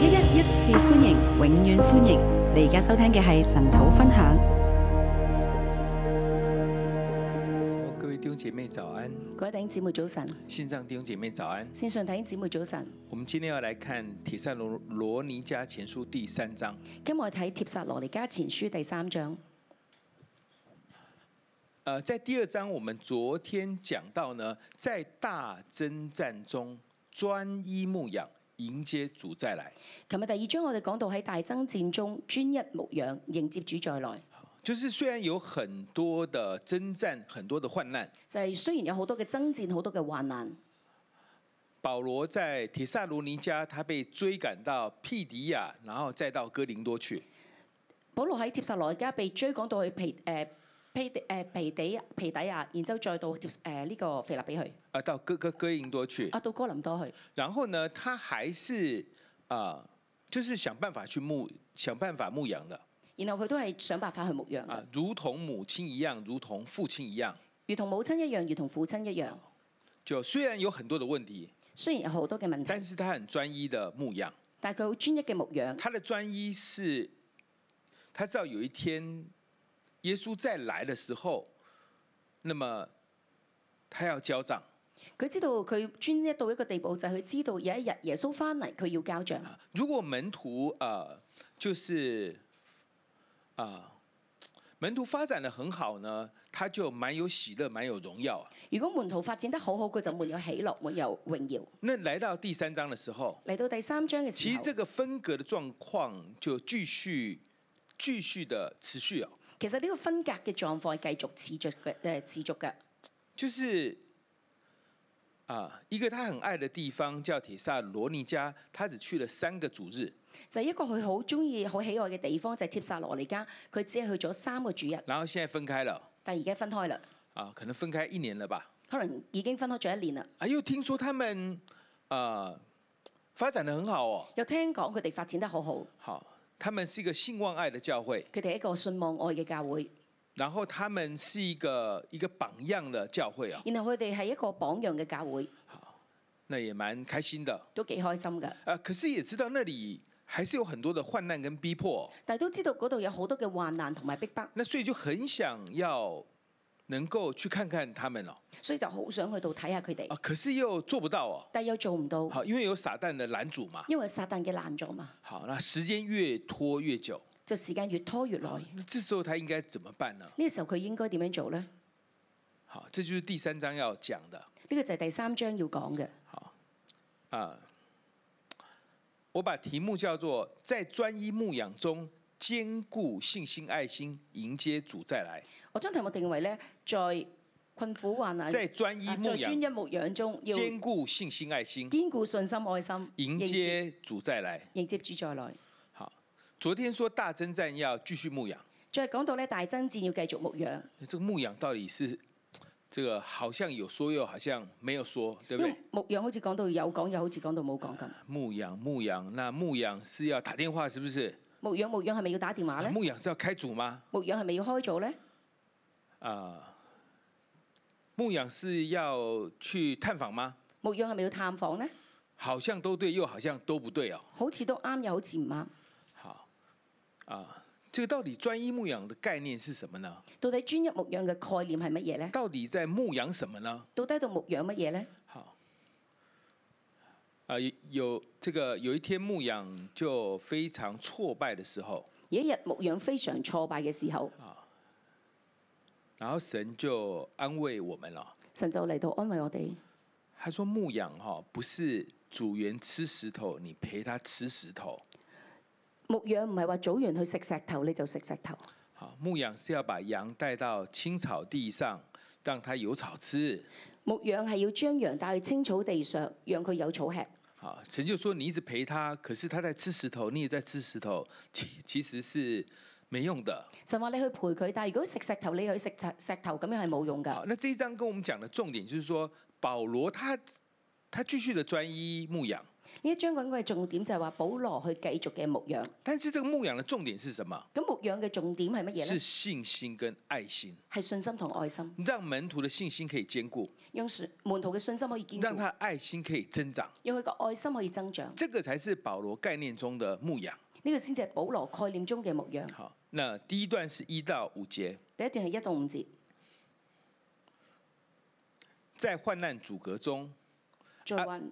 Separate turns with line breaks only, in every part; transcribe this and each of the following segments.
一一一次歡迎，永遠歡迎！你而家收聽嘅係神土
分享。各位弟兄姐妹早安，
各位弟兄姐妹早晨，
線上弟兄姐妹早安，
線上弟兄姐妹早晨。
我們今天要來看《帖撒羅羅尼迦前書》第三章。
今日我睇《帖撒羅尼迦前書》第三章。
誒、呃，在第二章，我們昨天講到呢，在大爭戰中專一牧養。迎
接主再來。琴日第二章我哋講到喺大爭戰中，專一牧養，迎接主再來。
就是雖然有很多的征戰，很多的患難。
就係雖然有好多嘅征戰，好多嘅患難。
保羅在帖撒羅尼迦，他被追趕到庇迪亞，然後再到哥林多去。
保羅喺帖撒羅尼迦被追趕到去庇誒。皮地皮底皮底啊，然之後再到誒呢個肥立比去，
啊，到哥哥哥林多去。啊，
到哥林多去。
然後呢，他還是啊、呃，就是想辦法去牧，想辦法牧羊的。
然後佢都係
想辦法去牧羊。啊，如同母親一樣，如同父親一樣。如同母親一樣，如同父親一樣。就雖然有很多的問題。雖然有好多嘅問題。但是他很專一的牧羊。但係佢好專一嘅牧羊。他的專一是，他知道有一天。耶穌再來的時候，那麼他要交賬。
佢知道佢專一到一個地步，就佢、是、知道有一日耶穌翻嚟，佢要交賬。
如果門徒啊、呃，就是啊、呃，門徒發展得很好呢，他就滿有喜樂，滿有榮耀。如
果門徒發展得好好，佢就沒有喜樂，沒有榮耀。
那來到第三章的時候，
嚟到第三章嘅時候，其實這
個分隔的狀況就繼續繼續的持續啊。
其實呢個分隔嘅狀況係繼續持續嘅，誒持續嘅。就是
啊，一個他很愛的地方叫提撒羅尼加，他只
去了三個主日。就一個佢好中意、好喜愛嘅地方就帖撒羅尼迦，佢只係去咗三個主日。然後
現在分開了。但
而家分開了。
啊，可能分開一年了吧？
可能已經分開咗一年
啦。又聽說他們啊、呃、發展得很
好哦。又聽講佢哋發展得好好。好。
他們是一個信望愛的教會，佢
哋係一個信望愛嘅教會。
然後他們是一個一個榜樣的教會啊。然
後佢哋係一個榜樣嘅教會。好，
那也蠻開心的。
都幾開心嘅。
啊，可是也知道那裡還是有很多的患難跟逼迫。
但係都知道嗰度有好多嘅患難同埋逼
迫。那所以就很想要。能夠去看看他們了，
所以就好想去到睇下佢哋。啊，
可是又做不到哦。
但又做唔到。
好，因為有撒旦的攔阻嘛。因
為撒旦嘅攔阻嘛。
好，那時間越拖越久。
就時間越拖越耐，啊。這
時候，這個時候他應該怎麼辦呢？
呢時候佢應該點樣做呢？
好，這就是第三章要講的。
呢個就係第三章要講嘅，嗯。好，
啊，我把題目叫做在專一牧養中堅固信心愛心迎接主再來。
我將題目定為咧，在困苦患難，在專一牧養、啊，在專一牧養中，兼
顧信心愛心，
兼顧信心愛心，
迎接主再來，
迎接主再來。
好，昨天說大爭戰要繼續牧養，
再講到咧大爭戰要繼續牧養，
你這個牧養到底是這個好像有說又好像沒有說，對不對？
牧養好似講到有講又好似講到冇講咁。
牧養牧養，那牧養是要打電話，是不是？
牧養牧養係咪要打電話咧？牧
養是要開組嗎？
牧養係咪要開組咧？
啊、uh,！牧養是要去探訪嗎？
牧養係咪要探訪呢？
好像都對，又好像都不對哦。
好似都啱，又好似唔啱。
好，啊，這個到底專一牧養的概念是什麼呢？到底專一牧養嘅概念係乜嘢呢？到底在牧養什麼呢？
到底度牧養乜嘢呢？好、uh,，
啊，有這個有一天牧養就非常挫敗的時候。
有一日牧養非常挫敗嘅時候、uh,。
然後神就安慰我們咯，
神就嚟到安慰我哋。
他說牧養，哈，不是組員吃石頭，你陪他吃石頭。
牧養唔係話組員去食石頭，你就食石頭。
牧養是要把羊帶到青草地上，讓它有草吃。
牧養係要將羊帶去青草地上，讓佢有草吃。
好，神就說你一直陪他，可是他在吃石頭，你也在吃石頭，其其實是。沒用的。
神話你去陪佢，但係如果食石頭，你去食石頭咁樣係冇用噶。那這一章跟我們講的重
點就是說，保羅他他繼續的專一牧羊。
呢一章嗰個重點就係話保羅去繼續嘅牧羊。
但是這個牧羊的重點是什麼？
咁牧羊嘅重點係乜嘢？是
信心跟愛心。
係信心同愛心。
讓門徒的信心可以堅固。用門徒嘅信心可以堅固。讓他愛心可以增長。用佢嘅愛心可以增長。這個才是保羅概念中的牧羊。
呢、這個先至係保羅概念中嘅牧養。好，
那第一段是一到五節。
第一段係一到五節，
在患難阻隔中，
在患、
啊、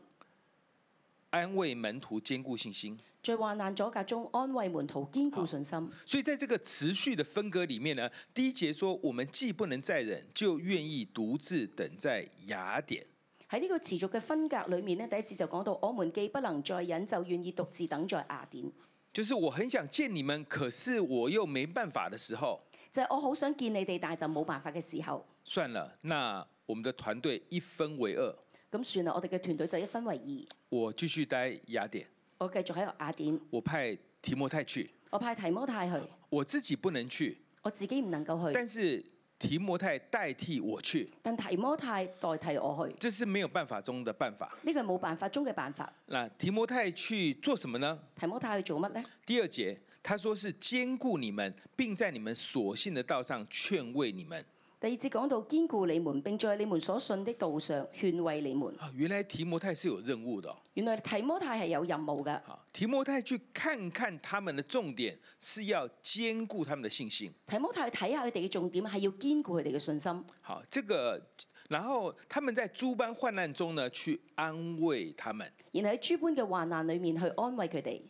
安慰門徒堅固信心。
在患難阻隔中，安慰門徒堅固信心。
所以，在這個持續嘅分隔裡面呢，第一節說：我們既不能再忍，就願意獨自等在雅典。
喺呢個持續嘅分隔裡面呢，第一節就講到我們既不能再忍，就願意獨自等在雅典。
就是我很想見你們，可是我又沒辦法的時候。
就係我好想見你哋，但係就冇辦法嘅時候。
算了，那我們的團隊一分為二。
咁算啦，我哋嘅團隊就一分為二。
我繼續待雅典。我繼續喺度雅典。我派提摩太去。
我派提摩太去。
我自己不能去。我自己唔能夠去。但是。提摩太代替我去，但提摩太代替我去，這是沒有辦法中的辦法。
呢個冇辦法中嘅辦法。
嗱，提摩太去做什麼呢？提摩太去做乜呢？第二節，他說是堅固你們，並在你們所信的道上勸慰你
們。第二節講到堅固你們，並在你們所信的道上勸慰你們。原來提摩太是、哦、是有任務的。原來提摩太係有任務噶。
提摩太去看看他們的重點是要堅固他們的信心。
提摩太去睇下佢哋嘅重點係要堅固佢哋嘅信心。
好，這個，然後他們在諸般患難中呢，去安慰他們。
然後喺諸般嘅患難裏面去安慰佢哋。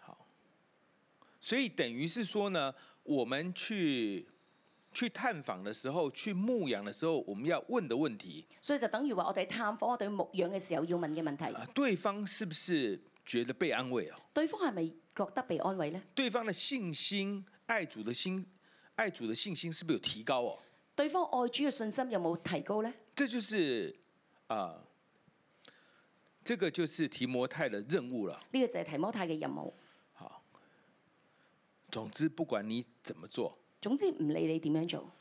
好，
所以等於是說呢，我們去。去探訪的時候，去牧養的時候，我們要問的問題，
所以就等於話我哋探訪我哋牧養嘅時候要問嘅問題。
對方是不是覺得被安慰啊？對方係咪覺得被安慰呢？對方的信心，愛主的心，愛主的信心是不是有提高哦？對方愛主嘅信心有冇提高呢？這就是、呃、這個就是提摩太的任務啦。
呢個就係提摩太嘅任務。
好，總之不管你怎麼做。
總之唔理你點樣做，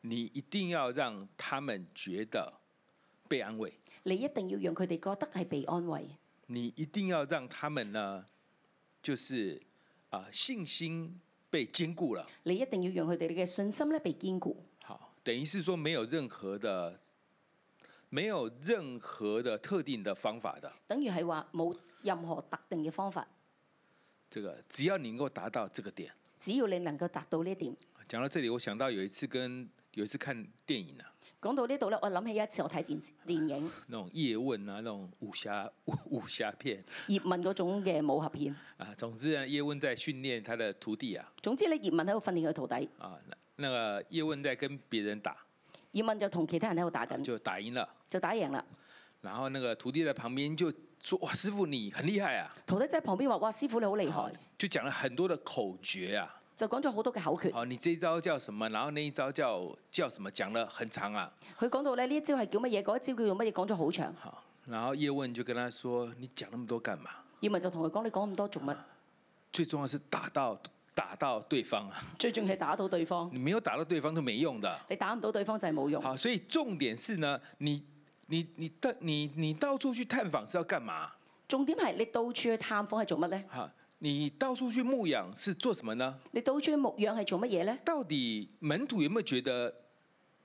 你一定要讓他們覺得被安慰。
你一定要讓佢哋覺得係被安慰。
你一定要讓他們呢，就是啊，信心被兼固了。
你一定要讓佢哋嘅信心咧被堅固。
好，等於是說沒有任何的，沒有任何的特定的方法的。
等於係話冇任何特定嘅方法。
這個只要你能夠達到這個點。
只要你能夠達到呢點，
講到這裡，我想到有一次跟有一次看電影啦。
講到呢度咧，我諗起一次我睇電電影。嗰
種葉問啊，嗰種武俠武武俠片。
葉問嗰種嘅武俠片。
啊，總之啊，葉問在訓練他的徒弟啊。
總之咧，葉問喺度訓練佢徒弟。啊，
那個葉問在跟別人打。
葉問就同其他人喺度打緊。就打贏了。就打贏啦。
然後那個徒弟在旁邊就。說哇，師傅你很厲害啊！
徒弟即係旁邊話哇，師傅你好厲害，
就講了很多的口訣啊。
就講咗好多嘅口訣。
好，你呢一招叫什麼？然後呢一招叫叫什麼？講得很長啊。
佢講到咧，呢一招係叫乜嘢？嗰一招叫做乜嘢？講咗好長。好，
然後葉問就跟佢講：你講那麼多幹嘛？葉問就同佢講：你講咁多做乜？最重要係打到打到對方啊！最重要係打到對方。你沒有打到對方都冇用的。你打唔到對方就係冇用。好，所以重點是呢，你。你你到你你到處去探訪是要幹嘛、啊？
重點係你到處去探訪係做乜咧？
哈，你到處去牧養是做什麼呢？你到處去
牧養係做乜嘢咧？
到底門徒有冇覺得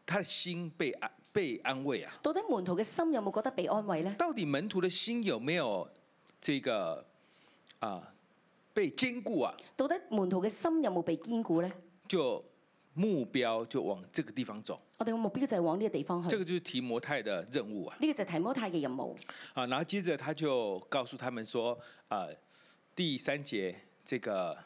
他的心被安被安慰啊？
到底門徒嘅心有冇覺得被安慰咧？
到底門徒的心有沒有這個啊、呃、被堅固啊？
到底門徒嘅心有冇被堅固咧？
就。目標就往這個地方走。
我哋嘅目標就係往呢個地方去。這
個就是提摩太的任務
啊。呢個就係提摩太嘅任務。
啊，然後接着他就告訴他們說，啊，第三節，這個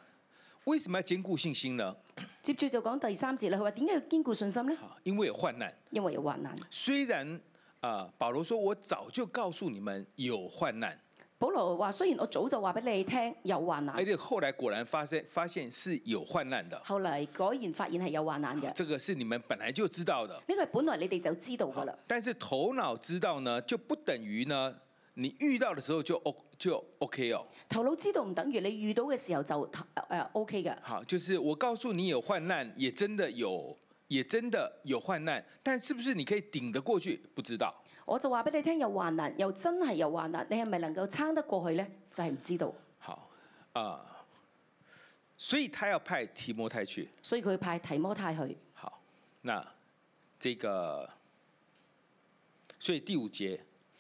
為什麼要堅固信心呢？
接住就講第三節。佢話點解要堅固信心呢？
因為有患難。
因為有患難。
雖然啊、呃，保羅說我早就告訴你們有患難。
保羅話：雖然我早就話俾你聽有患難，而
且後來果然發生，發現是有患難
的。後嚟果然發現係有患難嘅。這
個是你們本來就知道的。
呢個本來你哋就知道噶啦。
但是頭腦知道呢，就不等於呢，你遇到的時候就 O 就 OK 哦。
頭腦知道唔等於你遇到嘅時候就誒 OK 嘅。
好，就是我告訴你有患難，也真的有，也真的有患難，但是，是不是你可以頂得過去，不知道。
我就話俾你聽，又患難，又真係又患難，你係咪能夠撐得過去呢？就係唔知道。
好啊，所以他要派提摩太去。
所以佢派提摩太去。好，
那這個，所以第五節。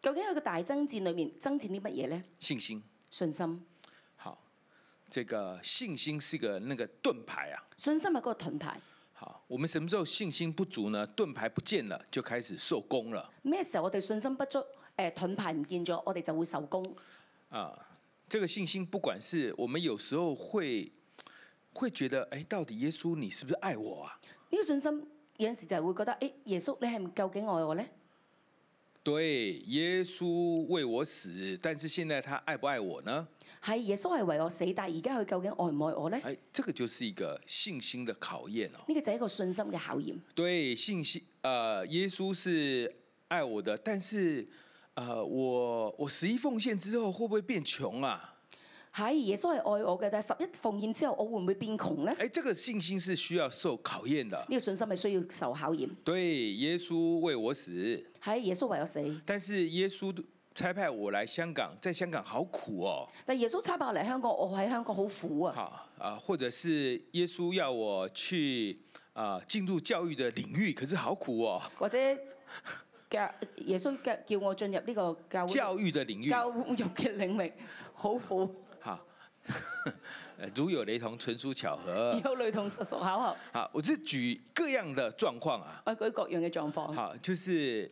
究竟喺個大爭戰裏面，爭戰啲乜嘢咧？
信心、信心。好，這個信心是個那個盾牌啊。
信心係嗰個盾牌。
好，我們什麼時候信心不足呢？盾牌不見了，就開始受攻了。
咩時候我哋信心不足？誒，盾牌唔見咗，我哋就會受攻。
啊，這個信心，不管是我們有時候會會覺得，誒、哎，到底耶穌你是不是愛我啊？
呢、這個信心有陣時就係會覺得，誒、哎，耶穌你係唔究竟愛我咧？
對，耶穌為我死，但是現在他愛不愛我呢？
係耶穌係為我死，但係而家佢究竟愛唔愛我呢？誒、哎，
這個就是一個信心的考驗咯、
哦。呢個就係一個信心嘅考驗。
對，信心，誒、呃，耶穌是愛我的，但是，呃、我我十一奉獻之後，會不會變窮啊？
係、哎、耶穌係愛我嘅，但係十一奉獻之後，我會唔會變窮
呢？誒、哎，這個信心是需要受考驗的。呢個信心係需要受考驗。對，耶穌為我死。喺耶穌唯有死，但是耶穌差派我嚟香港，在香港好苦哦。
但耶穌差派我嚟香港，我喺香港好苦啊。好
啊，或者是耶穌要我去啊，進入教育的領域，可是好苦哦。
或者叫耶穌叫叫我進入呢個教教
育的領域，教
育嘅領，領域好苦。好，
好，如有雷同，純屬巧合。
有雷同實屬巧合。好，
我係舉各樣的狀況啊。
我舉各樣嘅狀況。好，
就是。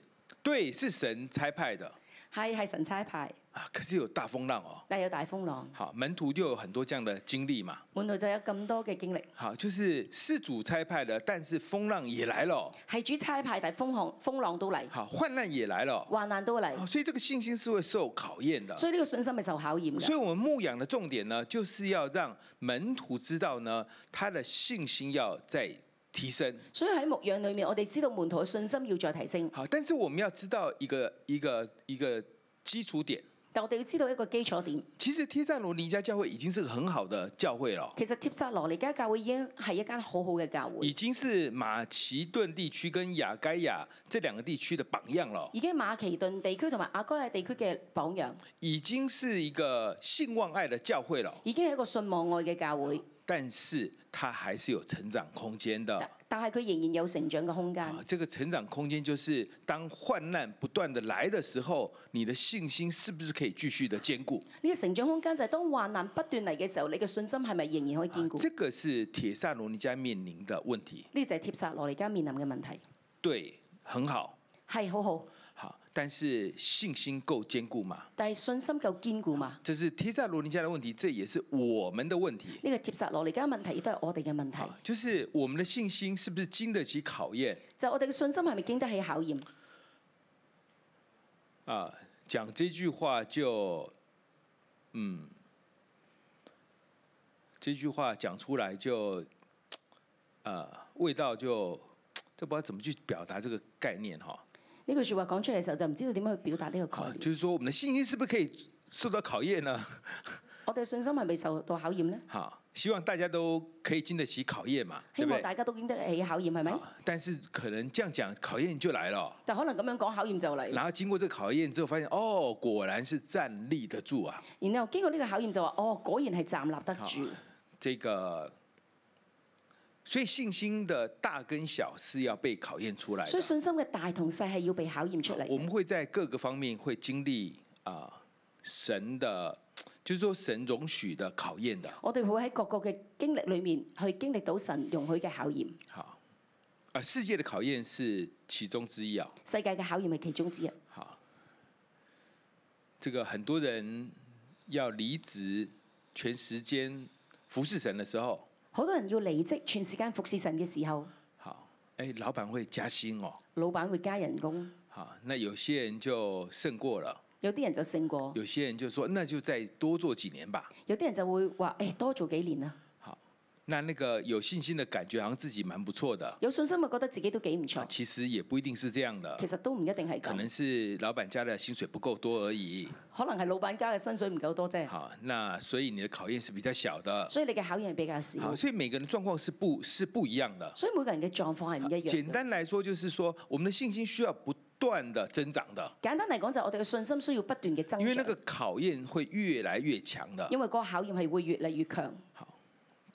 對，是神差派的，
係係神差派啊，
可是有大風浪哦，
但有大風浪。
好，門徒就有很多這樣的經歷嘛，
門徒就有咁多嘅經歷。
好，就是是主差派的，但是風浪也來了，
係主差派，但風浪風浪都嚟。好，患難也來了，患難都嚟。哦。所以這個信心是會受考
驗的，所以呢個信
心係受考驗。所以
我們牧養的重點呢，就是要讓門徒知道呢，他的信心要在。提升，
所以喺牧養裏面，我哋知道門徒嘅信心要再提升。
好，但是我們要知道一個一個一個基礎點。
但我哋要知道一
個基礎點。其實帖撒羅尼迦教會已經是個很好的教會咯。
其實帖撒羅尼迦教會已經係一間好好嘅教會。已
經是馬其頓地區跟雅該亞這兩個地區的榜樣咯。
已經馬其頓地區同埋阿該亞地區嘅榜樣。已經
是一個信望愛嘅教會咯。已經係一個信望愛嘅教會。但是他還是有成長空間的。
但係佢仍然有成長嘅空間。啊，
這個成長空間就是當患難不斷的來的時候，你的信心是不是可以繼續的堅
固？呢個成長空間就係當患難不斷嚟嘅時候，你嘅信心係咪仍然可以堅固？
這個是帖撒羅尼迦面臨嘅問題。
呢就係帖撒羅尼迦面臨嘅問題。
對，很好。係好好。但是信心夠堅固嘛？
但是信心夠堅固嘛？
這是帖撒羅尼迦的問題，這也是我們的問題。呢、這個帖
撒羅尼迦嘅問題亦都係我
哋嘅問題、啊。就是我們的信心是不是經得起考驗？就
是、我哋嘅信心係咪經得起考驗？啊，
講這句話就，嗯，這句話講出來就，啊、呃，味道就，就唔知道怎麼去表達這個概念哈。
呢句説話講出嚟時候就唔知道點樣去表達呢個概念、啊。
就是說，我們的信心是不是可以受到考驗呢？
我哋信心係咪受到考驗呢？
好，希望大家都可以經得起考驗嘛。希望對對大
家都經得起考驗，係咪？
但是可能這樣講，考驗就來了。
但可能咁樣講，考驗就嚟。然
後經過這個考驗之後，發現哦，果然是站立得住啊。
然後經過呢個考驗就話，哦，果然係站立得住。
這個。所以信心的大跟小是要被考驗出來的。所以
信心嘅大同細係要被考驗出嚟。我們
會在各個方面會經歷啊神的，就是說神容許的考驗的。
我哋會喺各個嘅經歷裏面去經歷到神容許嘅考驗。好，
啊世界的考驗是其中之一啊。
世界嘅考驗係其中之一。好，
這個很多人要離職全時間服侍神的時候。
好多人要離職，全時間服侍神嘅時候，好，哎，
老闆會加薪哦，
老闆會加人工，
好，那有些人就勝過了，
有啲人就勝過，
有些人就說，那就再多做幾年吧，
有啲人就會話，哎，多做幾年啦。
那那個有信心的感覺，好像自己蠻不錯的。
有信心會覺得自己都幾唔錯。
其實也不一定是這樣的。其
實都唔一定係咁。可能
是老闆家的薪水唔夠多而已。
可能係老闆家嘅薪水唔夠多啫。好，
那所以你的考驗是比較小的。所
以你嘅考驗係比較小。
所以每個人的狀況是不，是不一樣的。所以
每個人嘅狀況係唔一樣。簡單
來說，就是說，我們的信心需要不斷的增長的。
簡單嚟講，就係我哋嘅信心需要不斷嘅增長。因為那個
考驗會越來越強的。因
為嗰個考驗係會越嚟越強。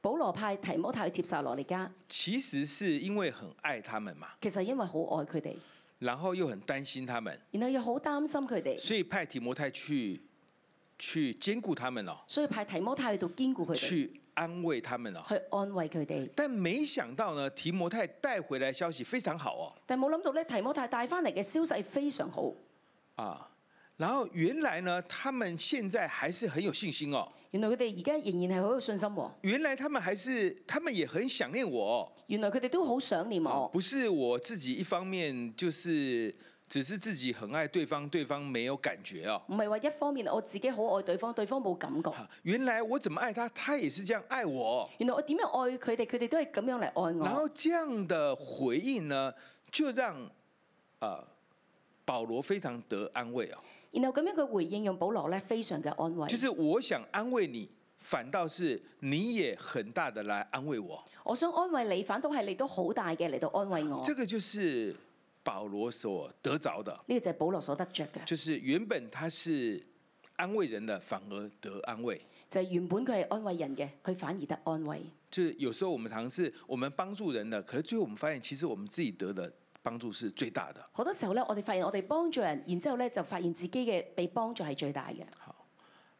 保羅派提摩太去帖撒羅尼迦，
其實是因為很愛他們嘛。
其實因為好愛佢哋，
然後又很擔心他們，
然後又好擔心佢哋，
所以派提摩太去去堅固他們咯。
所以派提摩太去到堅固佢
哋，去安慰他們咯，去安慰佢哋。但沒想到呢，提摩太帶回來的消息非常好哦。
但冇諗到呢，提摩太帶翻嚟嘅消息非常好
啊。然後原來呢，他們現在還是很有信心哦。原來佢哋而家仍然係好有信心喎、喔。原來他們還是，他們也很想念我。原來佢哋都好想念我。不是我自己一方面，就是只是自己很愛對方，對方沒有感覺啊。
唔係話一方面我自己好愛對方，對方冇感覺。原來我怎麼愛他，他也是這樣愛我。原來我點樣愛佢哋，佢哋都係咁樣嚟愛我。然後
這樣的回應呢，就讓啊、呃，保羅非常得安慰啊、喔。
然後咁樣佢回應，用「保羅呢，非常嘅安慰。就
是我想安慰你，反倒是你也很大的來安慰我。
我想安慰你，反倒係你都好大嘅嚟到安慰我。這個
就是保羅所得着的。呢、
這個就係保羅所得着嘅。
就是原本他是安慰人的，反而得安慰。
就係、是、原本佢係安慰人嘅，佢反而得安慰。就
是、有時候我們嘗試我們幫助人嘅，可是最後我們發現其實我們自己得的。幫助是最大的。
好多時候咧，我哋發現我哋幫助人，然之後咧就發現自己嘅被幫助係最大嘅。好，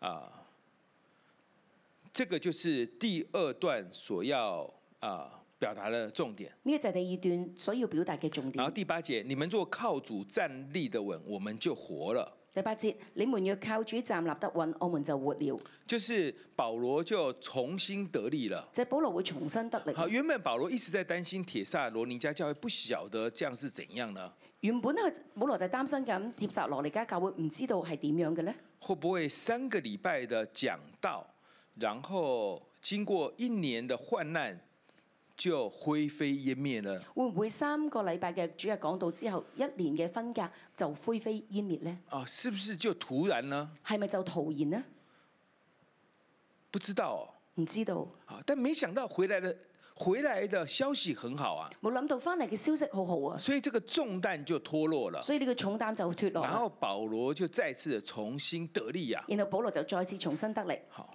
啊，這個就是第二段所要啊表達的重點。
呢就係第二段所要表達嘅重
點。然後第八節，你們做靠主站立的穩，我們就活了。
第八節，你們要靠主站立得穩，我們就活了。
就是保羅就重新得力了。
即保羅會重新得力。好，原
本保羅一直在擔心帖撒羅尼迦教會不曉得這樣是怎樣呢？
原本啊，保羅就擔心咁帖撒羅尼迦教會唔知道係點樣嘅呢？
會不會三個禮拜的講道，然後經過一年的患難，就灰飛煙滅了
呢。會唔會三個禮拜嘅主日講道之後，一年嘅分隔就灰飛煙滅咧？啊，是不
是就突然呢？係咪就突然呢？不知道啊。唔知道。啊，但沒想到回來的，回來的消息很好啊。冇諗到翻嚟嘅
消息好好啊。
所以這個重擔就脫落了。所以
呢個重擔就脫落了。然後
保羅就再次重新得力啊。
然後保羅就再次重新得力。好。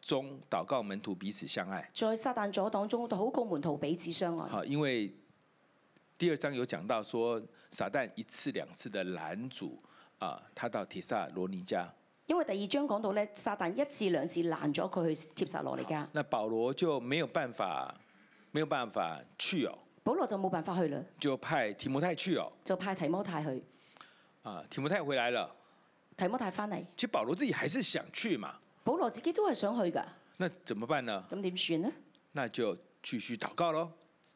中禱告門徒彼此相愛，
在撒旦阻擋中，都好過門徒彼此相愛。
好，因為第二章有講到說，撒旦一次兩次的攔阻，啊，他到帖撒羅尼迦。
因為第二章講到咧，撒旦一次兩次攔咗佢去帖撒羅尼迦。
那保羅就沒有辦法，沒有辦法去哦。
保羅就冇辦法去啦。
就派提摩太去哦。就派提摩太去。啊，提摩太回來了。提摩太翻嚟。其實保羅自己還是想去嘛。
保羅自己都係想去噶，
那怎麼辦呢？咁點算呢？那就繼續禱告咯。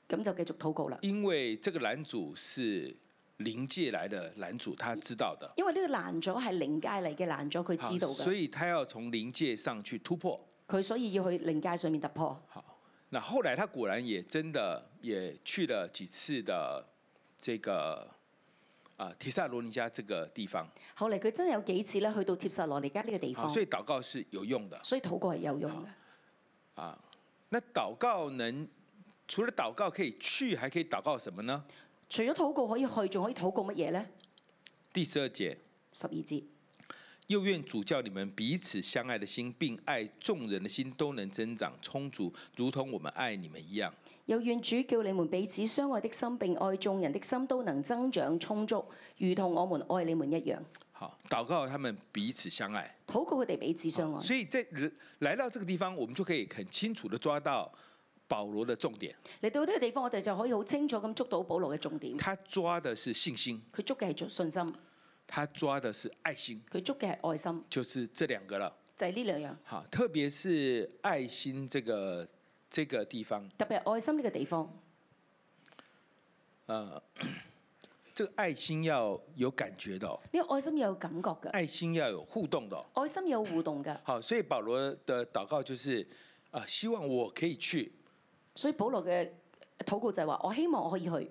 咁就繼續禱告啦。因為這個攔阻是靈界來的攔阻，他知道的。因
為呢個攔阻係靈界嚟嘅攔阻，佢知道嘅，所
以他要從靈界上去突破。
佢所以要去靈界上面突破。好，
那後來他果然也真的也去了幾次的這個。啊，帖撒羅尼迦這個地方。
後嚟，佢真係有幾次咧，去到帖撒羅尼迦呢個地方。所以
禱告是有用的。所
以禱告係有用嘅。
啊，那禱告能除了禱告可以去，還可以禱告什麼呢？
除咗禱告可以去，仲可以禱告乜嘢呢？
第十二節。十二節。又願主叫你們彼此相愛的心，並愛眾人的心都能增長充足，如同我們愛你們一樣。
有願主叫你們彼此相愛的心，並愛眾人的心都能增長充足，如同我們愛你們一樣。
好，禱告他們彼此相愛。
禱告佢哋彼
此相愛。所以在來到這個地方，我們就可以很清楚的抓到保
羅的重點。嚟到呢個地方，我哋就可以好清楚咁捉到保羅嘅重點。他抓的是信心。佢抓嘅係信心。他抓的是愛心。佢捉嘅係愛心。就是這兩個啦。就呢兩樣。
好，特別是愛心這個。特別係
愛心呢個地方，
啊，這個愛心要有感覺的。
呢個愛心要有感覺嘅。
愛心要有互動的。
愛心有互動嘅。
好，所以保羅的禱告就是，啊，希望我可以去。
所以保羅嘅禱告就係話，我希望我可以去。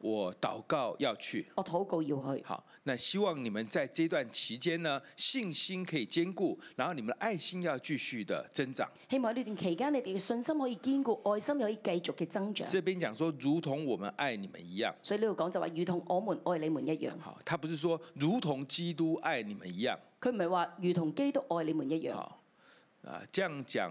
我禱告要去，我禱告要去。好，那希望你們在這段期間呢，信心可以堅固，然後你們愛心要繼續的增長。
希望喺呢段期間，你哋嘅信心可以堅固，愛心又可以繼續嘅增長。這邊
講說，如同我們愛你們一樣。
所以呢度講就話，如同我們愛你們一樣。好，
他不是說如同基督愛你們一樣。
佢唔係話如同基督愛你們一樣。啊，
這樣講。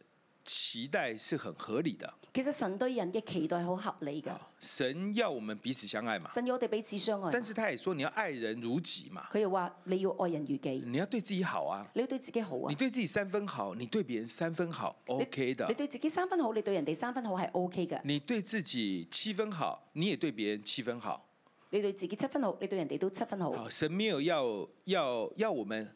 期待是很合理的，
其實神對人嘅期待好合理嘅。
神要我們彼此相愛嘛。
神要我哋彼此相愛。但是
他也說你要愛人如己嘛。
佢又話你要愛人如己。你要對自己
好啊！你要對自己好啊！你對自己三分好，你對別人三分好，OK 的。你對
自己三分好，你對人哋三分好係 OK 嘅。
你對自己七分好，你也對別人七分好。
你對自己七分好，你對人哋都七分好。
神沒有要要要我們。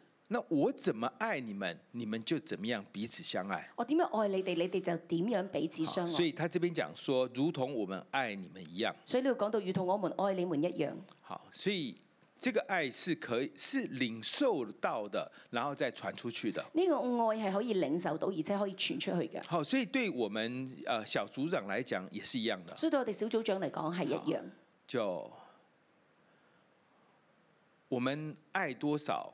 那我怎麼愛你們，你們就怎麼樣彼此相愛。
我點樣愛你哋，你哋就點樣彼此相愛。所以
他這邊講說，如同我們愛你們一樣。
所以你要講到如同我們愛你們一樣。
好，所以這個愛是可以是領受到的，然後再傳出去的。
呢個愛係可以領受到，而且可以傳出去嘅。
好，所以對我們呃小組長來講也是一樣的。所
以對我哋小組長嚟講係一樣。
就我們愛多少？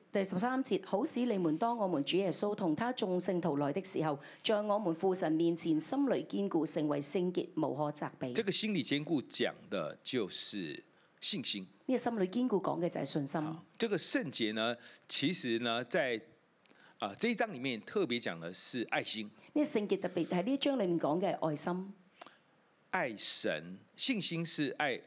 第十三節，好使你們當我們主耶穌同他眾聖徒來的時候，在我們父神面前，心裏堅固，成為聖潔，無可責備。這
個心理堅固講的就是信心。
呢、這個心裏堅固講嘅就係信心。啊、
這個聖潔呢，其實呢，在啊這一章裏面特別講嘅是愛心。
呢個聖潔特別喺呢一章裏面講嘅係愛心，
愛神信心是愛，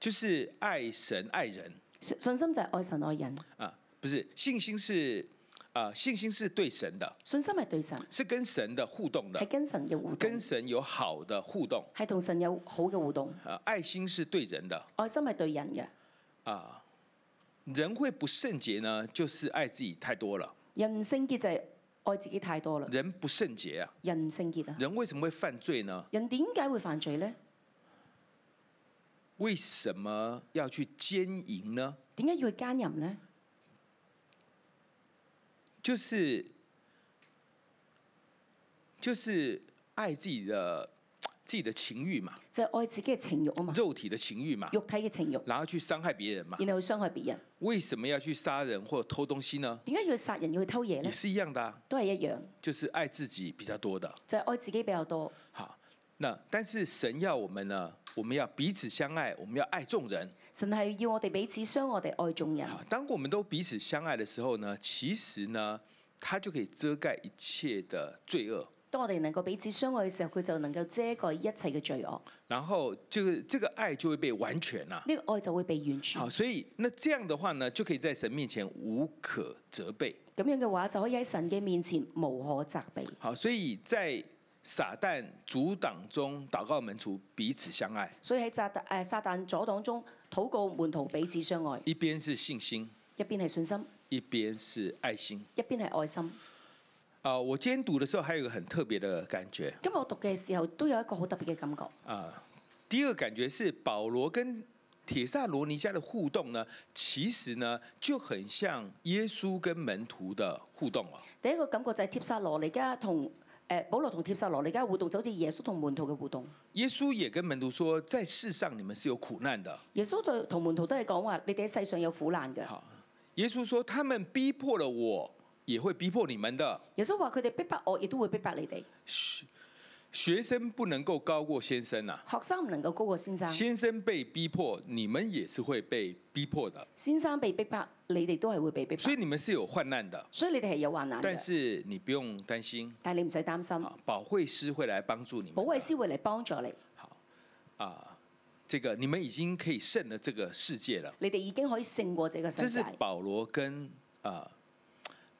就是愛神愛人。
信心就係愛神愛人。
啊。不是信心是，啊信心是對神的信心係對神，是跟神的互動的，係跟神嘅互動，跟神有好的互動，係同神有好嘅互動。啊愛心是對人的，
愛心係對人嘅。
啊人會不聖潔呢？就是愛自己太多了。
人聖潔就係愛自己太多了。
人不聖潔啊？
人聖潔
啊？人為什麼會犯罪呢？
人點解會犯罪呢？
為什麼要去奸淫呢？
點解要去奸淫呢？
就是就是愛自己的自己的情欲嘛，就是、愛自己嘅情欲啊嘛，肉體的情欲嘛，肉體嘅情欲，然後去傷害別人嘛，然
後去傷害別人，
為什麼要去殺人或者偷東西呢？
點解要去殺人要去偷嘢呢？也
是一樣的啊，都係一樣，就是愛自己比較多的，就
是、愛自己比較多。
好。但是神要我們呢？我們要彼此相愛，我們要愛眾人。神係要我
哋彼此相愛，我哋愛眾人。
當我們都彼此相愛的時候呢？其實呢，它就可以遮蓋一切的罪惡。
當我哋能夠彼此相愛嘅時候，佢就能夠遮蓋一切嘅罪惡。
然後就是這個愛就會被完全啦。
呢個愛就會被完
全。好，所以那這樣的話呢，就可以在神面前無可責備。咁樣嘅話就可
以喺神嘅面前無可責備。
好，所以在。撒旦阻擋中禱告門徒彼此相愛，
所以喺撒誒撒旦阻擋中禱告門徒
彼此相愛。一邊是信心，一邊係信心，一邊是愛心，一邊係愛心。啊，我今天讀嘅時候，還有一個很特別的感覺。
今日我讀嘅時候，都有一個好特別嘅感覺。
啊，第一個感覺是保羅跟帖撒羅尼迦的互動呢，其實呢就很像耶穌跟門徒的互動
啊。第一個感覺就係帖撒羅尼迦同。誒，保羅同帖撒羅尼加互動就好似耶穌同門徒嘅互動。
耶穌也跟門徒說，在世上你們是有苦難的。
耶穌對同門徒都係講話，你哋喺世上有苦難嘅。
耶穌說，他們逼迫了我，也會逼迫你們的。
耶穌話：佢哋逼迫我，亦都會逼迫你哋。
學生不能夠高過先生啊！
學生不能夠高過先生。先
生被逼迫，你們也是會被逼迫的。
先生被逼迫，你哋都係會被逼
迫。所以你們是有患難的。
所以你哋係有患難的。但是
你不用擔心。
但你唔使擔心，啊，
保惠師會來幫助你們。
保惠師會嚟幫助你。好，
啊，這個你們已經可以勝了這個世界了。
你哋已經可以勝過這個世界。這是
保羅跟啊。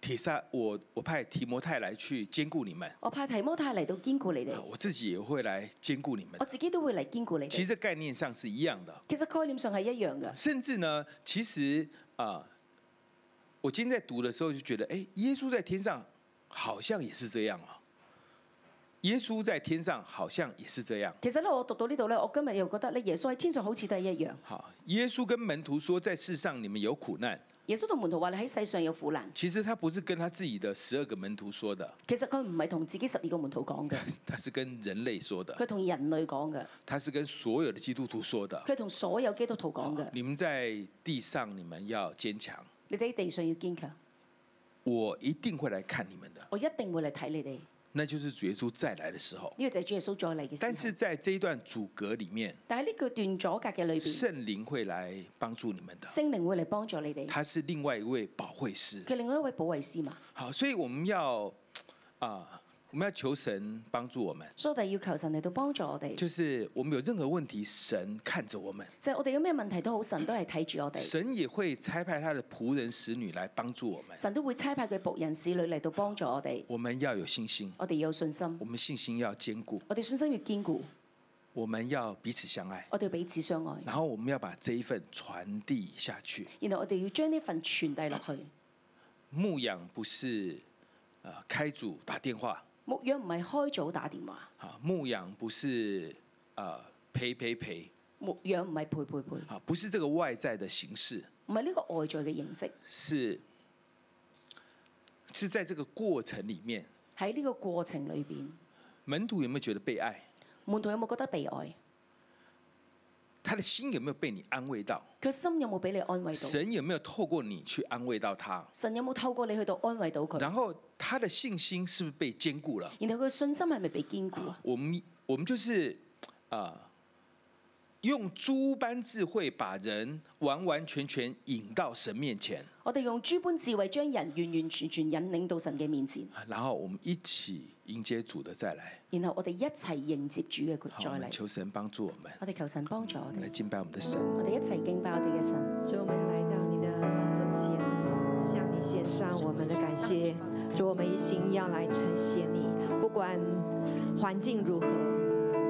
提沙，我我派提摩太來去兼顧你們。
我派提摩太嚟到兼顧你哋。
我自己也會來兼顧你們。我
自己都會來兼顧你。其
實概念上是一樣的。其
實概念上係一樣嘅。
甚至呢，其實啊，我今天在讀嘅時候就覺得，耶，耶穌在天上好像也是這樣啊。耶穌在天上好像也是這樣。
其實咧，我讀到呢度呢，我今日又覺得咧，耶穌喺天上好似都係一樣。
好，耶穌跟門徒說，在世上你們有苦難。
耶穌同門徒話：你喺世上有苦難。
其實他不是跟他自己的十二個門徒說的。
其實佢唔係同自己十二個門徒講嘅。
他是跟人類說的。佢同
人類講嘅。
他是跟所有的基督徒說的。佢
同所有基督徒講嘅，
哦。你們在地上，你們要堅強。
你哋喺地上要堅強。
我一定會來看你們的。
我一定會嚟睇你哋。
那就是主耶穌再來的時
候。呢個就係主耶穌再嚟嘅時候。但是
在這一段阻隔裏面，
但係呢個段阻隔嘅裏邊，聖
靈會來幫助你們
的。聖靈會嚟幫助你哋。
他是另外一位保惠師。佢另外一位保惠師嘛？好，所以我們要啊、呃。我們要求神幫助我
們，所以我哋要求神嚟到幫助我哋。就
是我們有任何問題，神看着我們。
即係我哋有咩問題都好，神都係睇住我哋。
神也會差派他的僕人使女來幫助我們。神都
會差派佢僕人使女嚟到幫助我哋。我們要有信心，我哋要有信心，我們信心要堅固。我哋信心要堅固，我們要彼此相愛。我哋彼此相愛，然後我們
要把這一份傳遞下去。
然後我哋要將呢份傳遞落去。
牧養不是，啊，開組打電話。
牧羊唔係開早打電話。
啊，牧羊不是啊，陪陪陪。
牧羊唔係陪陪陪。啊，
不是這個外在的形式。
唔係呢個外在嘅形式。
是，是在這個過程裏面。喺呢個過程裏邊。門徒有冇覺得被愛？門徒有冇覺得被愛？他的心有冇被你安慰到？
佢心有冇俾你安慰到？神
有冇透過你去安慰到他？
神有冇透過你去到安慰
到佢？然後他的信心是不是被堅固了？然
後佢信心係咪被堅
固啊？我們我們就是啊。呃用諸般智慧把人完完全全引到神面前。
我哋用諸般智慧將人完完全全引領到神嘅面前。然後我們一起迎接主的再來。然後我哋一齊迎接主嘅再來。好，求神幫助我們。我哋求神幫助我哋，來敬拜我們的神。We 我哋一齊敬拜我哋嘅神。
主，嗯嗯、我們來到你的桌子前，向你獻上我們的感謝。主，我們一心要來稱謝你，不管環境如何。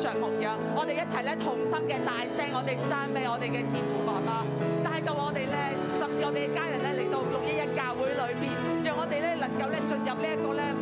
着同樣，我哋一齊咧同心嘅大聲，我哋讚美我哋嘅天父爸爸。帶到我哋咧，甚至我哋嘅家人咧嚟到六一一教會裏邊，讓我哋咧能夠咧進入呢、這、一個咧。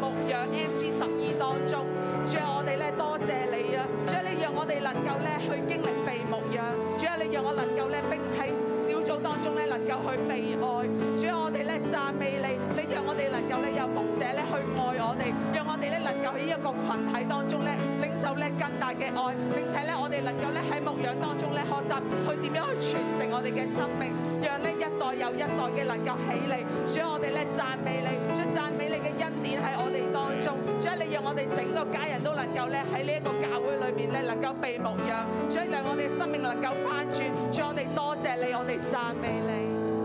去點樣去傳承我哋嘅生命，讓呢一代又一代嘅能夠起嚟。所以我哋咧讚美你，主讚美你嘅恩典喺我哋當中。主啊，你讓我哋整個家人都能夠咧喺呢一個教會裏面咧能夠被牧養。主啊，讓我哋生命能夠翻轉。主啊，我哋多謝你，我哋讚美你。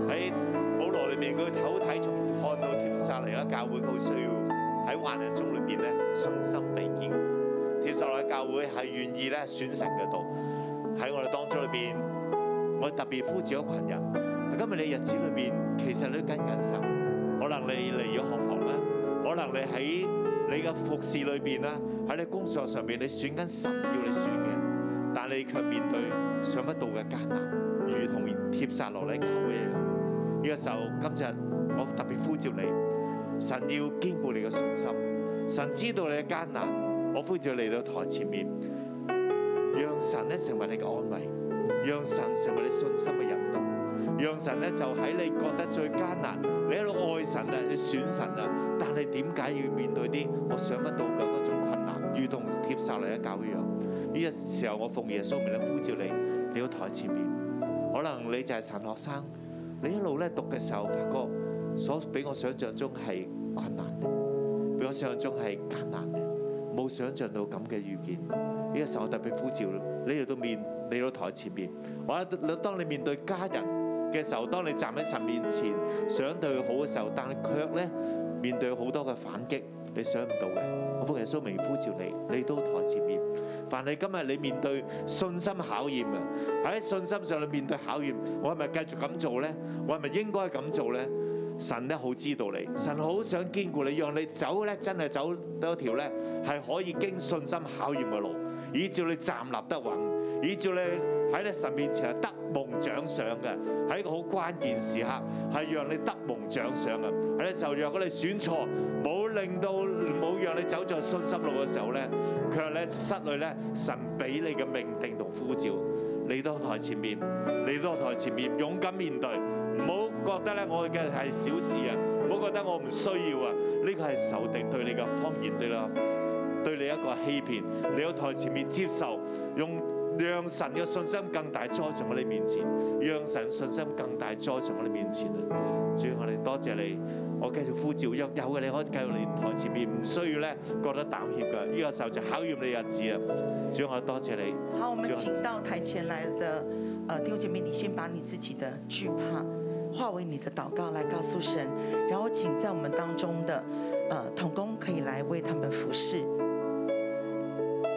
喺保羅裏面佢頭睇從看到帖撒羅尼迦教會好需要喺患難中裏邊咧信心被堅固。帖撒羅尼迦教會係願意咧損神嘅道，喺我哋當中裏邊，我特別呼召一群人。今日你日子裏邊，其實你都揀緊神，可能你嚟咗學房啦，可能你喺你嘅服侍裏邊啦，喺你工作上面你選緊神要你選嘅，但你卻面對想不到嘅艱難，如同鐵砂落嚟搞嘅嘢。呢個時候，今日我特別呼召你，神要堅固你嘅信心，神知道你嘅艱難，我呼召你到台前面。讓神咧成為你嘅安慰，讓神成為你信心嘅引導，讓神咧就喺你覺得最艱難，你一路愛神啊，你選神啊，但係點解要面對啲我想不到嘅嗰種困難，如同鐵砂嚟嘅狗一樣？呢個時候我奉耶穌名咧呼召你，你到台前面。可能你就係神學生，你一路咧讀嘅時候發覺，所比我想象中係困難嘅，比我想象中係艱難嘅，冇想象到咁嘅遇見。呢個時候特別呼召你，你嚟到面，你到台前面。我當你面對家人嘅時候，當你站喺神面前想對佢好嘅時候，但卻咧面對好多嘅反擊，你想唔到嘅。我奉耶穌名呼召你，你到台前面。凡係今日你面對信心考驗呀，喺信心上，你面對考驗，我係咪繼續咁做呢？我係咪應該係咁做呢？神咧好知道你，神好想堅固你，讓你走咧真係走多一條咧係可以經信心考驗嘅路。依照你站立得穩，依照你喺你神面前啊得蒙獎賞嘅，喺一個好關鍵時刻，係讓你得蒙獎賞嘅。喺咧時候，若果你選錯，冇令到冇讓你走在信心路嘅時候咧，佢咧失去咧神俾你嘅命定同呼召。你到台前面，你到台前面勇敢面對，唔好覺得咧我嘅係小事啊，唔好覺得我唔需要啊。呢個係仇敵對你嘅方言啲啦。對你一個欺騙，你喺台前面接受，用讓神嘅信心更大栽在我哋面前，讓神信心更大栽在我哋面前啊！所以我哋多謝你，我繼續呼召，若有嘅你可以繼續嚟，台前面，唔需要咧覺得膽怯嘅，呢、這個時候就考驗你日子啊！所以我，多謝，我多謝你。
好，我們請到台前來的，誒弟兄姐妹，你先把你自己的懼怕化為你的禱告來告訴神，然後請在我們當中的，誒、呃、同工可以來為他們服侍。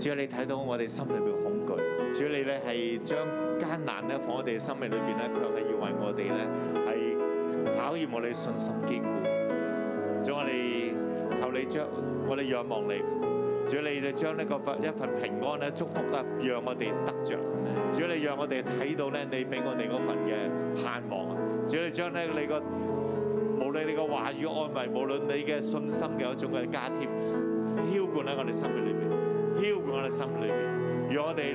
主啊！你睇到我哋心裏邊恐懼，主啊！你咧係將艱難咧放我哋嘅生命裏邊咧，卻係要為我哋咧係考驗我哋信心堅固。主啊！你求你將我哋仰望你，主啊！你咧將呢個份一份平安咧祝福啊，讓我哋得著。主啊！你讓我哋睇到咧你俾我哋嗰份嘅盼望。主啊！你將咧你個無論你個話語安慰，無論你嘅信心嘅一種嘅加添，澆灌喺我哋生命裏邊。飄過我哋心裏邊，讓我哋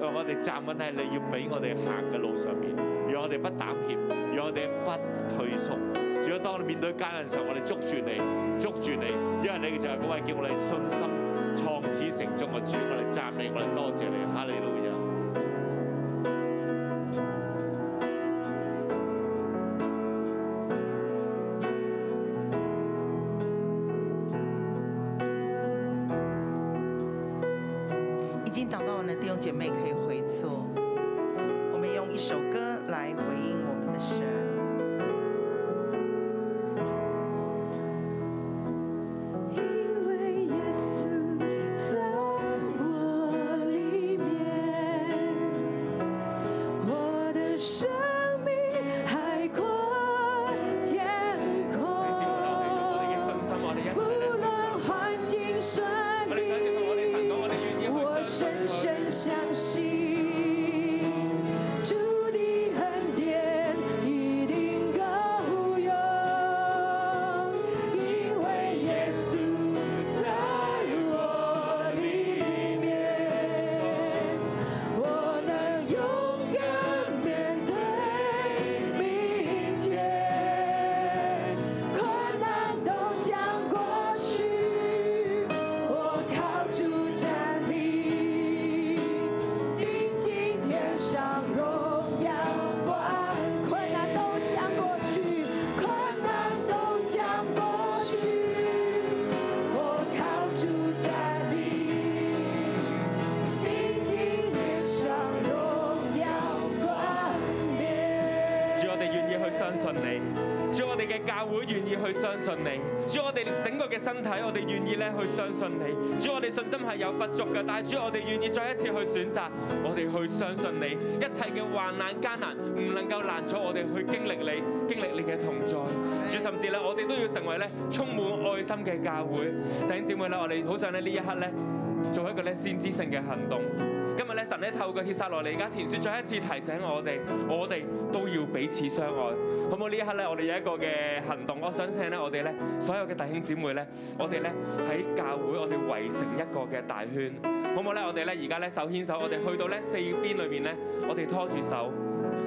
若我哋站緊喺你要俾我哋行嘅路上面，讓我哋不膽怯，讓我哋不退縮，仲有當你面對艱難嘅時候，我哋捉住你，捉住你，因為你就係嗰位叫我哋信心創始成終嘅主，我哋讚美，我哋多謝你，哈利路亞。
身體，我哋願意咧去相信你，主我哋信心係有不足嘅，但係主我哋願意再一次去選擇，我哋去相信你，一切嘅患難艱難唔能夠難阻我哋去經歷你，經歷你嘅同在，主甚至咧我哋都要成為咧充滿愛心嘅教會。弟兄姊妹咧，我哋好想喺呢一刻咧做一個咧先知性嘅行動。今日咧神咧透過帖撒羅尼加前書再一次提醒我哋，我哋都要彼此相愛。好冇？呢一刻咧，我哋有一個嘅行動，我想請咧，我哋咧所有嘅弟兄姊妹咧，我哋咧喺教會，我哋圍成一個嘅大圈，好冇咧？我哋咧而家咧手牽手，我哋去到咧四邊裏面咧，我哋拖住手，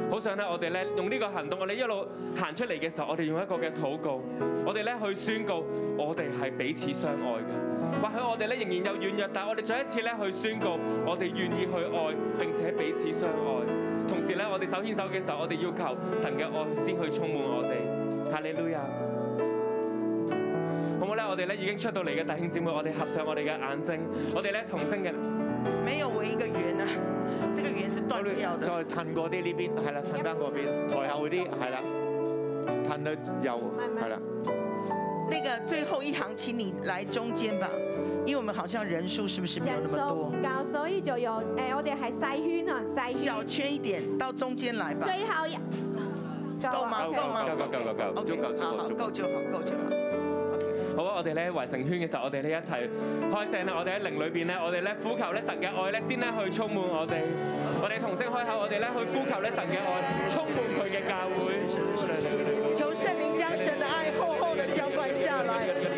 好想咧，我哋咧用呢個行動，我哋一路行出嚟嘅時候，我哋用一個嘅禱告，我哋咧去宣告，我哋係彼此相愛嘅，或許我哋咧仍然有軟弱，但係我哋再一次咧去宣告，我哋願意去愛並且彼此相愛。同時咧，我哋手牽手嘅時候，我哋要求神嘅愛先去充滿我哋。哈利路亞，好唔好咧？我哋咧已經出到嚟嘅弟兄姊妹，我哋合上我哋嘅眼睛，我哋咧同聲嘅。
沒有圍一個圓啊，呢個圓是斷掉。
再褪過啲呢邊，係啦，褪
返嗰邊，台後嗰啲，係啦，褪到右，係啦。
呢個最後一行請你嚟中間吧。因為我們好像人數是不是沒有那麼多？人數不夠，所以就有。誒，我哋係細圈啊，細小圈一點，到中間來吧。最
後夠嗎？夠嗎？夠夠夠夠夠，足
夠足夠足夠足夠。好，我哋咧圍成圈嘅時候，我哋咧一齊開聲啦。我哋喺靈裏邊咧，我哋咧呼求咧神嘅愛咧，先咧去充滿我哋。我哋同聲開口，我哋咧去呼求咧神嘅愛，充滿佢嘅教會。
求聖靈將神的愛厚厚的澆灌下來。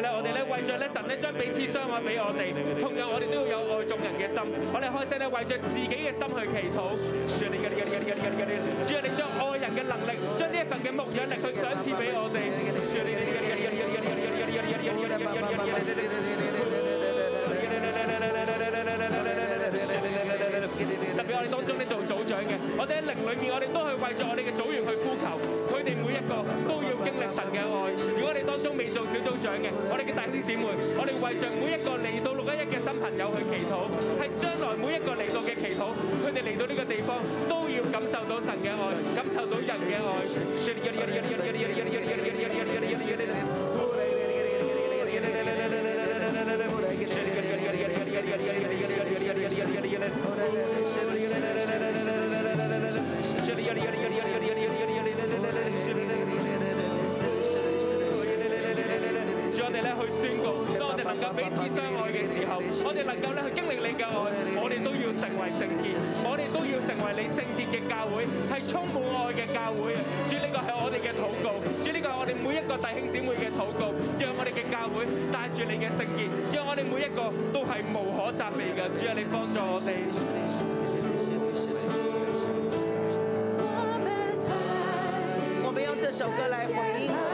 咧我哋咧為著咧神咧將彼此相愛俾我哋，同樣我哋都要有愛眾人嘅心，我哋開聲咧為著自己嘅心去祈禱，主啊你嘅嘅嘅嘅嘅嘅嘅嘅，主啊你將愛人嘅能力，將呢一份嘅牧養力去賞賜俾我哋，特別我哋當中啲做組長嘅，我哋喺靈裏面我哋都係為咗我哋嘅組。都未做小組長嘅，我哋嘅弟兄姊妹，我哋為著每一個嚟到六一一嘅新朋友去祈禱，係將來每一個嚟到嘅祈禱，佢哋嚟到呢個地方都要感受到神嘅愛，感受到人嘅愛。嘅教會係充滿愛嘅教會啊！主呢個係我哋嘅禱告，主呢個係我哋每一個弟兄姊妹嘅禱告。讓我哋嘅教會帶住你嘅聖潔，讓我哋每一個都係無可責備嘅。主啊，你幫助我哋。我們用
這首歌來回應。